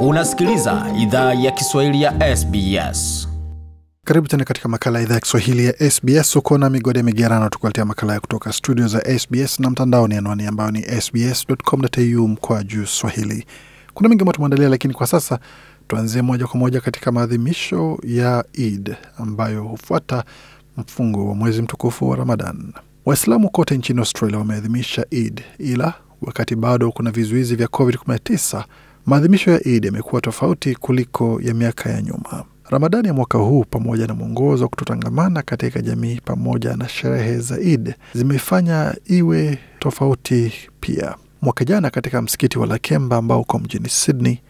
Unasikiliza idhaa ya Kiswahili ya SBS. Karibu tena katika makala ya idhaa ya Kiswahili ya SBS. Uko na migode migerano, tukuletea makala ya kutoka studio za SBS na mtandaoni, anwani ambayo ni sbs.com.au mkoa juu swahili. Kuna mengi ambayo tumeandalia, lakini kwa sasa tuanzie moja kwa moja katika maadhimisho ya Eid ambayo hufuata mfungo wa mwezi mtukufu wa Ramadan. Waislamu kote nchini Australia wameadhimisha Eid, ila wakati bado kuna vizuizi vya COVID-19 Maadhimisho ya Idi yamekuwa tofauti kuliko ya miaka ya nyuma. Ramadani ya mwaka huu pamoja na mwongozo wa kutotangamana katika jamii pamoja na sherehe za id zimefanya iwe tofauti pia. Mwaka jana katika msikiti wa Lakemba ambao uko mjini Sydney,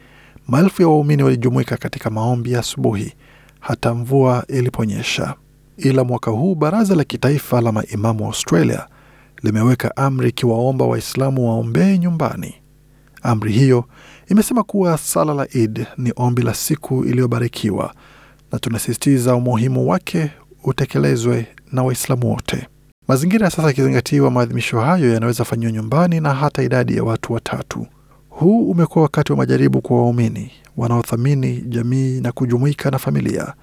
maelfu ya waumini walijumuika katika maombi ya asubuhi hata mvua iliponyesha. Ila mwaka huu baraza la kitaifa la maimamu wa Australia limeweka amri ikiwaomba Waislamu waombee nyumbani. Amri hiyo imesema kuwa sala la Eid ni ombi la siku iliyobarikiwa na tunasisitiza umuhimu wake utekelezwe na Waislamu wote. Mazingira ya sasa yakizingatiwa, maadhimisho hayo yanaweza fanyiwa nyumbani na hata idadi ya watu watatu. Huu umekuwa wakati wa majaribu kwa waumini wanaothamini jamii na kujumuika na familia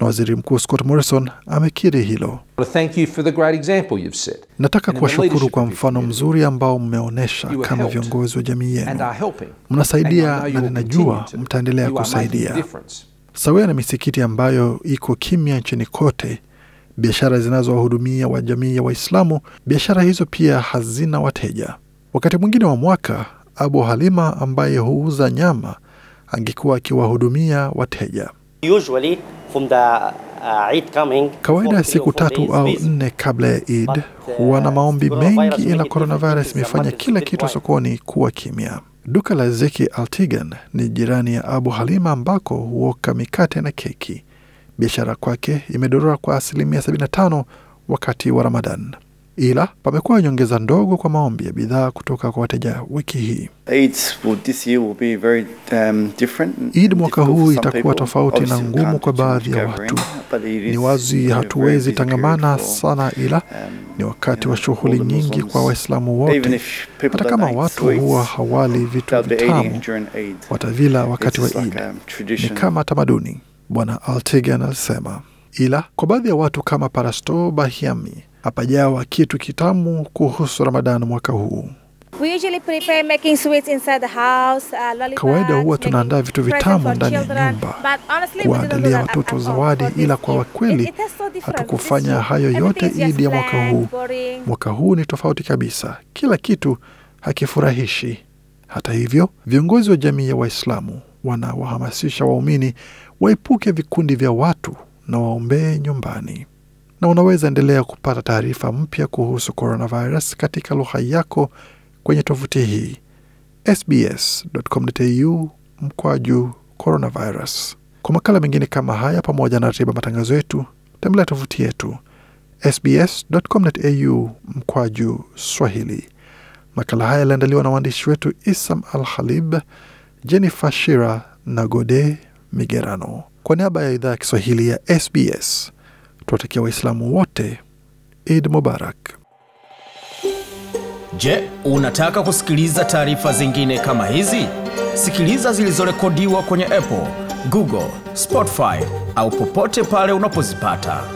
na waziri mkuu Scott Morrison amekiri hilo. Nataka kuwashukuru kwa mfano mzuri ambao mmeonyesha kama viongozi wa jamii yenu, mnasaidia na ninajua mtaendelea kusaidia. Sawia na misikiti ambayo iko kimya nchini kote, biashara zinazowahudumia wa jamii ya Waislamu, biashara hizo pia hazina wateja. Wakati mwingine wa mwaka, Abu Halima ambaye huuza nyama angekuwa akiwahudumia wateja Usually, Uh, Kawaida ya siku tatu au nne kabla ya Eid huwa na uh, maombi mengi, ila coronavirus imefanya kila kitu sokoni kuwa kimya. Duka la Zeki Altigan ni jirani ya Abu Halima ambako huoka mikate na keki. Biashara kwake imedorora kwa asilimia 75 wakati wa Ramadan ila pamekuwa nyongeza ndogo kwa maombi ya bidhaa kutoka kwa wateja wiki hii. Um, Eid mwaka huu itakuwa tofauti na ngumu kwa baadhi ya watu. Ni wazi hatuwezi tangamana sana, ila um, ni wakati wa shughuli nyingi kwa Waislamu wote. Hata kama watu huwa hawali vitu vitamu, watavila wakati wa Eid. Ni kama tamaduni, Bwana altigan alisema. Ila kwa baadhi ya watu kama Parasto Bahiami hapajawa kitu kitamu kuhusu Ramadani mwaka huu. Uh, Kawaida huwa tunaandaa vitu vitamu ndani ya nyumba, kuwaandalia watoto zawadi, ila kwa kweli hatukufanya hayo yote Idi ya mwaka huu. Mwaka huu ni tofauti kabisa, kila kitu hakifurahishi. Hata hivyo, viongozi wa jamii ya Waislamu wanawahamasisha waumini waepuke vikundi vya watu na waombee nyumbani na unaweza endelea kupata taarifa mpya kuhusu coronavirus katika lugha yako kwenye tovuti hii sbs.com.au mkwaju coronavirus. Kwa makala mengine kama haya pamoja na ratiba matangazo yetu, tembelea tovuti yetu sbs.com.au mkwaju swahili. Makala haya yaliandaliwa na waandishi wetu Isam Al Halib, Jennifer Shira na Gode Migerano. Kwa niaba ya idhaa ya Kiswahili ya SBS, Tuwatakia Waislamu wote id Mubarak. Je, unataka kusikiliza taarifa zingine kama hizi? Sikiliza zilizorekodiwa kwenye Apple, Google, Spotify au popote pale unapozipata.